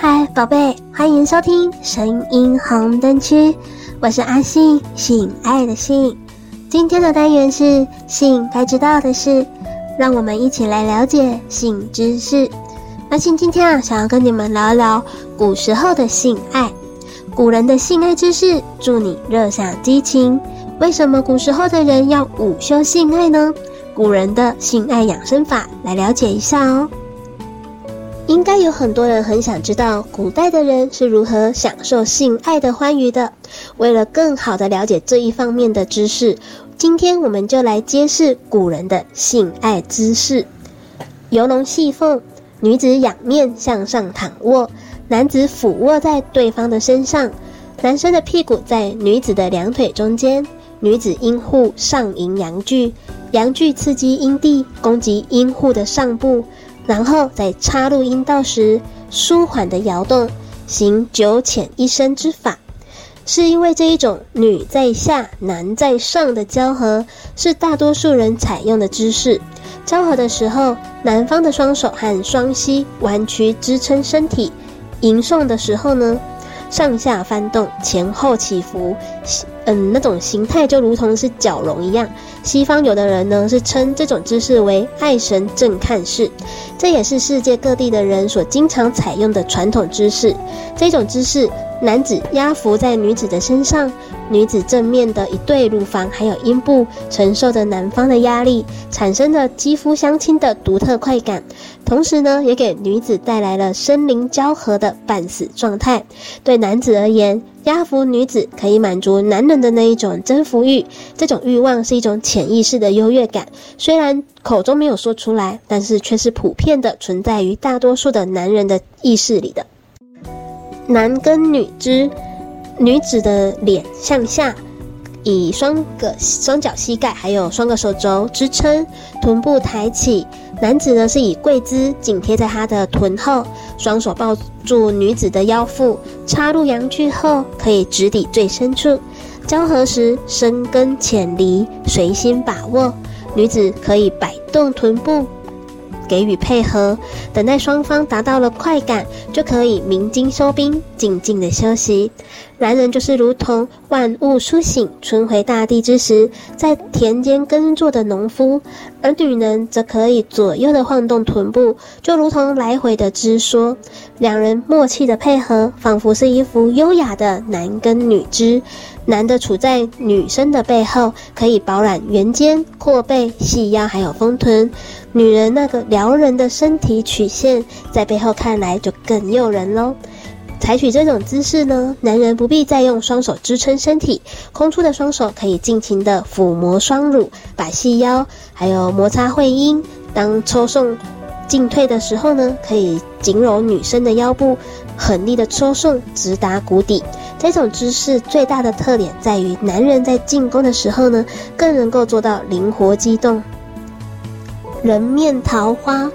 嗨，寶貝，歡迎收聽《聲音紅燈區》，我是阿信，性愛的性。今天的單元是性該知道的事，讓我們一起來了解性知識。阿信今天啊，想要跟你們聊聊古時候的性愛，古人的性愛知識。助你樂享激情。為什麼古時候的人要午休性愛呢？古人的性愛養生法，來了解一下哦。應該有很多人很想知道古代的人是如何享受性愛的歡愉的。為了更好地了解這一方面的知識，今天我們就來揭示古人的性愛姿勢。游龍戲鳳，女子仰面向上躺臥，男子俯臥在對方的身上，男生的屁股在女子的兩腿中間，女子陰戶上迎陽具，陽具刺激陰蒂，攻擊陰戶的上部。然後在插入陰道時，舒緩的搖動，行九淺一深之法，是因為這一種女在下、男在上的交合，是大多數人採用的姿勢。交合的時候，男方的雙手和雙膝彎曲支撐身體，迎送的時候呢，上下翻動，前後起伏。嗯，那種形態就如同是蛟龍一樣。西方有的人呢是稱這種姿勢為愛神正看式，這也是世界各地的人所經常採用的傳統姿勢。這種姿勢，男子壓伏在女子的身上，女子正面的一對乳房還有陰部承受着男方的壓力，產生了肌膚相親的獨特快感，同時呢也給女子帶來了身臨交合的半死狀態。對男子而言。壓服，女子可以滿足男人的那一種征服欲。這種慾望是一種潛意識的優越感，雖然口中沒有說出來，但是卻是普遍的存在於大多數的男人的意識裡的。男耕女織，女子的臉向下，以雙個雙腳膝蓋還有雙個手肘支撐，臀部抬起。男子呢是以跪姿緊貼在她的臀後。雙手抱住女子的腰腹，插入陽具後可以直抵最深處。交合時深耕淺犁，隨心把握。女子可以擺動臀部。給予配合，等待雙方達到了快感，就可以鳴金收兵，靜靜的休息。男人就是如同萬物蘇醒、春回大地之時，在田間耕作的農夫，而女人則可以左右的晃動臀部，就如同來回的織梭。兩人默契的配合，仿佛是一幅優雅的男耕女織。男的處在女生的背後，可以飽覽圓肩、闊背、細腰，還有豐臀。女人那個撩人的身體曲線，在背後看來就更誘人嘍。採取這種姿勢呢，男人不必再用雙手支撐身體，空出的雙手可以盡情的撫摸雙乳、擺細腰，還有摩擦會陰。當抽送進退的時候呢，可以緊揉女生的腰部，狠力的抽送直達谷底。這種姿勢最大的特點在於，男人在進攻的時候呢，更能夠做到靈活機動。人面桃花，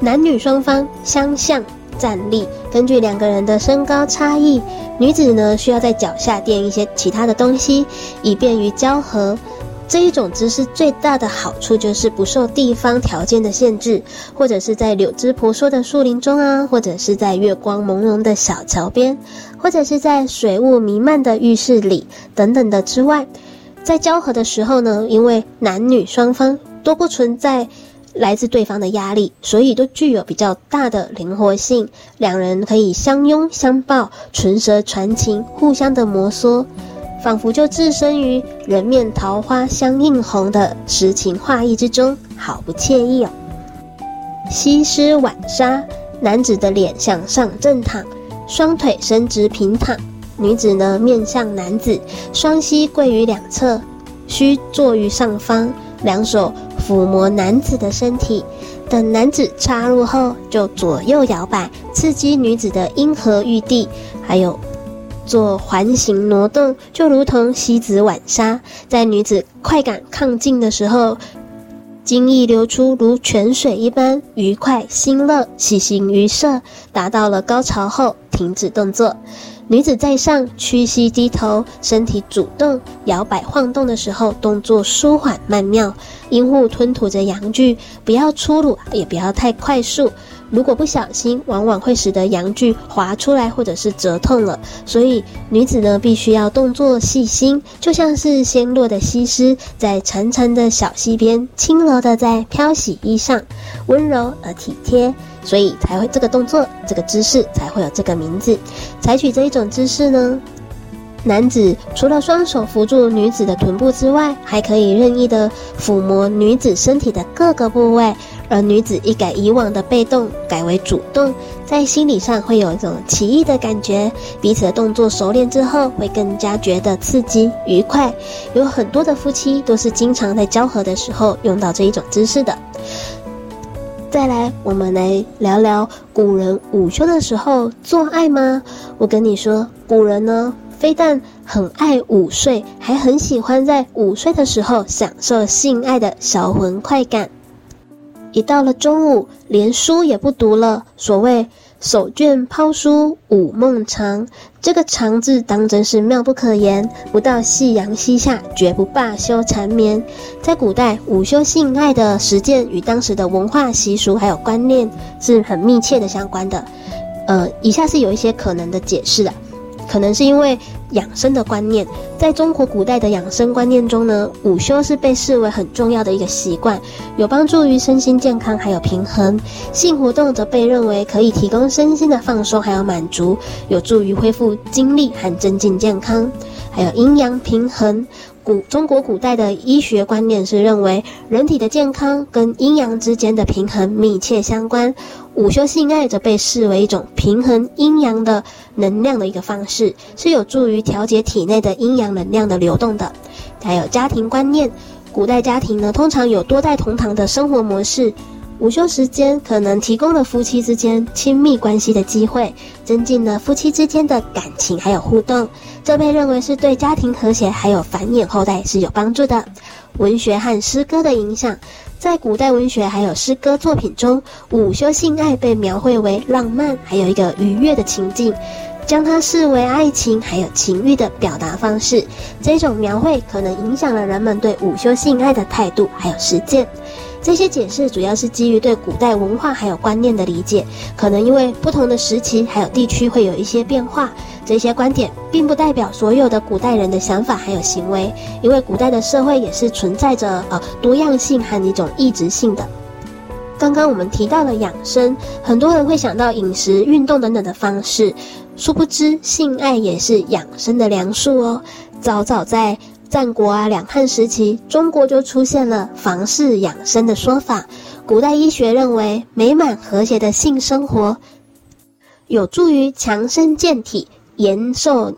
男女雙方相向站立。根據兩個人的身高差異，女子呢需要在腳下墊一些其他的東西，以便於交合。這一種姿勢最大的好處就是不受地方條件的限制，或者是在柳枝婆娑的樹林中啊，或者是在月光朦朧的小橋邊，或者是在水霧瀰漫的浴室裡等等的之外，在交合的時候呢，因為男女雙方都不存在。來自對方的壓力，所以都具有比較大的靈活性。兩人可以相擁相抱，唇舌傳情，互相的摩挲，仿佛就置身於“人面桃花相映紅”的詩情畫意之中，好不愜意哦。西施浣紗，男子的臉向上正躺，雙腿伸直平躺；女子呢，面向男子，雙膝跪於兩側，須坐於上方，兩手，撫摸男子的身體，等男子插入後，就左右搖擺，刺激女子的陰和玉蒂。還有做環形挪動，就如同西子浣紗。在女子快感亢進的時候，精液流出如泉水一般，愉快、興樂、喜形於色，達到了高潮後停止動作。女子在上屈膝低頭，身體主動搖擺晃動的時候，動作舒緩曼妙。陰戶吞吐着陽具，不要粗魯，也不要太快速。如果不小心，往往會使得陽具滑出來，或者是折痛了。所以女子呢，必須要動作細心，就像是纖弱的西施在潺潺的小溪邊輕柔的在漂洗衣裳，溫柔而體貼。所以才會這個動作，這個姿勢才會有這個名字。採取這一種姿勢呢，男子除了雙手扶住女子的臀部之外，還可以任意的撫摸女子身體的各個部位，而女子一改以往的被動，改為主動，在心理上會有一種奇異的感覺。彼此的動作熟練之後，會更加覺得刺激愉快。有很多的夫妻都是經常在交合的時候用到這一種姿勢的。再來，我們來聊聊古人午休的時候做愛嗎？我跟你說，古人呢，非但很愛午睡，還很喜歡在午睡的時候享受性愛的銷魂快感。一到了中午，連書也不讀了，所謂。手卷拋書午夢長，這個長字當真是妙不可言。不到夕陽西下，絕不罷休纏綿。在古代，午休性愛的實踐與當時的文化習俗還有觀念是很密切的相關的。呃，以下是有一些可能的解釋的、啊，可能是因為。養生的觀念，在中國古代的養生觀念中呢，午休是被視為很重要的一個習慣，有幫助於身心健康，還有平衡性活動，則被認為可以提供身心的放鬆，還有滿足，有助於恢復精力和增進健康。還有陰陽平衡，古中國古代的醫學觀念是認為人體的健康跟陰陽之間的平衡密切相關。午休性愛則被視為一種平衡陰陽的能量的一個方式，是有助於調節體內的陰陽能量的流動的。還有家庭觀念，古代家庭呢通常有多代同堂的生活模式。午休時間可能提供了夫妻之間親密關係的機會，增進了夫妻之間的感情還有互動，這被認為是對家庭和諧還有繁衍後代是有幫助的。文學和詩歌的影響，在古代文學還有詩歌作品中，午休性愛被描繪為浪漫還有一個愉悅的情境，將它視為愛情還有情欲的表達方式。這種描繪可能影響了人們對午休性愛的態度還有實踐。這些解釋主要是基於對古代文化還有觀念的理解，可能因為不同的時期還有地區會有一些變化。這些觀點並不代表所有的古代人的想法還有行為，因為古代的社會也是存在着呃多樣性和一種異質性的。剛剛我們提到了養生，很多人會想到飲食、運動等等的方式，殊不知性愛也是養生的良術哦。早早在。戰國啊，兩漢時期，中國就出現了房事養生的說法。古代醫學認為，美滿和諧的性生活有助於強身健體、延壽、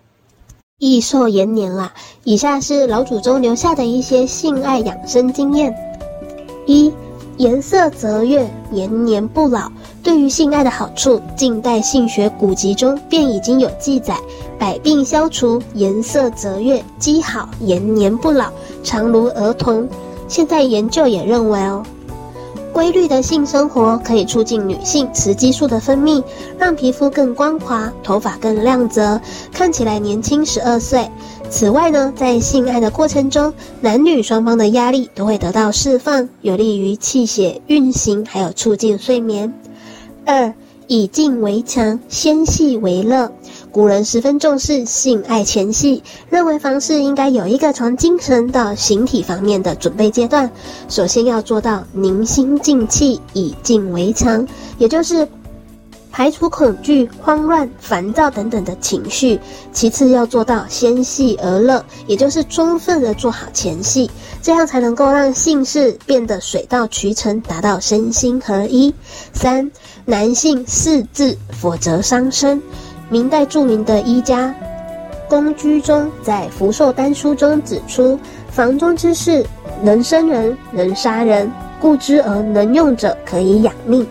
益壽延年啊。以下是老祖宗留下的一些性愛養生經驗：一。顏色澤悅，延年不老。對於性愛的好處，近代性學古籍中便已經有記載：百病消除，顏色澤悅，肌好，延年不老，常如兒童。現在研究也認為哦，規律的性生活可以促進女性雌激素的分泌，讓皮膚更光滑，頭髮更亮澤，看起來年輕十二歲。此外呢，在性愛的過程中，男女雙方的壓力都會得到釋放，有利於氣血運行，還有促進睡眠。二，以靜為強，先戲為樂。古人十分重視性愛前戲，認為房事應該有一個從精神到形體方面的準備階段。首先要做到寧心靜氣，以靜為強，也就是。排除恐懼、慌亂、煩躁等等的情緒。其次要做到先戲而樂，也就是充分的做好前戲，這樣才能夠讓性事變得水到渠成，達到身心合一。三，男性四字，否則傷身。明代著名的醫家龔居中在《福壽丹書》中指出：“房中之事，能生人，能殺人，故知而能用者，可以養命。”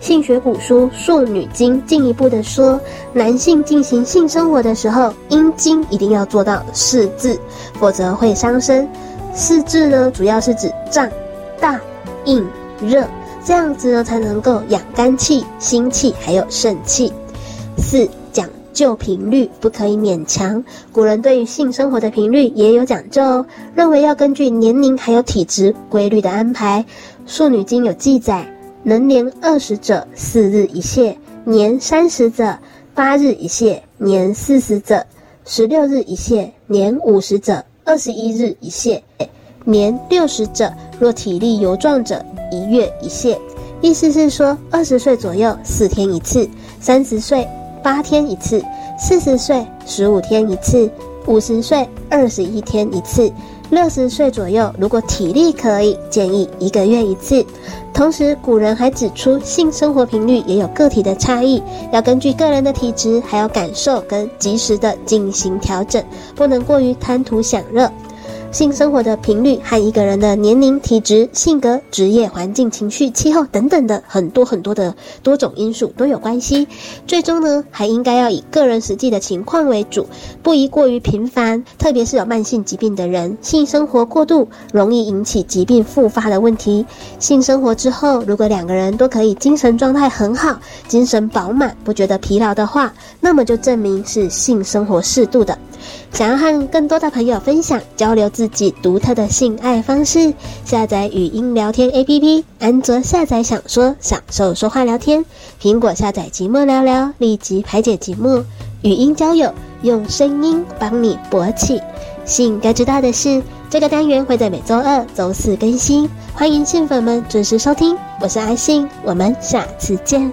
性學古書《素女經》進一步的說，男性進行性生活的時候，陰莖一定要做到四字，否則會傷身。四字呢，主要是指脹、大、硬、熱，這樣子呢才能夠養肝氣、心氣，還有腎氣。四講究頻率，不可以勉強。古人對於性生活的頻率也有講究哦，認為要根據年齡還有體質，規律的安排。《素女經》有記載。能年二十者四日一泄，年三十者八日一泄，年四十者十六日一泄，年五十者二十一日一泄，年六十者若體力猶壯者一月一泄。意思是說，二十歲左右四天一次，三十歲八天一次，四十歲十五天一次，五十歲二十一天一次。六十歲左右，如果體力可以，建議一個月一次。同時，古人還指出，性生活頻率也有個體的差異，要根據個人的體質、還有感受，跟及時的進行調整，不能過於貪圖享樂。性生活的頻率和一個人的年齡、體質、性格、職業、環境、情緒、氣候等等的很多很多的多種因素都有關係。最終呢，還應該要以個人實際的情況為主，不宜過於頻繁，特別是有慢性疾病的人，性生活過度容易引起疾病復發的問題。性生活之後，如果兩個人都可以精神狀態很好，精神飽滿，不覺得疲勞的話，那麼就證明是性生活適度的。想要和更多的朋友分享交流，自己獨特的性愛方式。下載語音聊天 APP，安卓下載享說，享受說話聊天；蘋果下載寂寞聊聊，立即排解寂寞。語音交友，用聲音幫你勃起。性該知道的事，這個單元會在每周二、周四更新，歡迎性粉們準時收聽。我是阿信，我們下次見。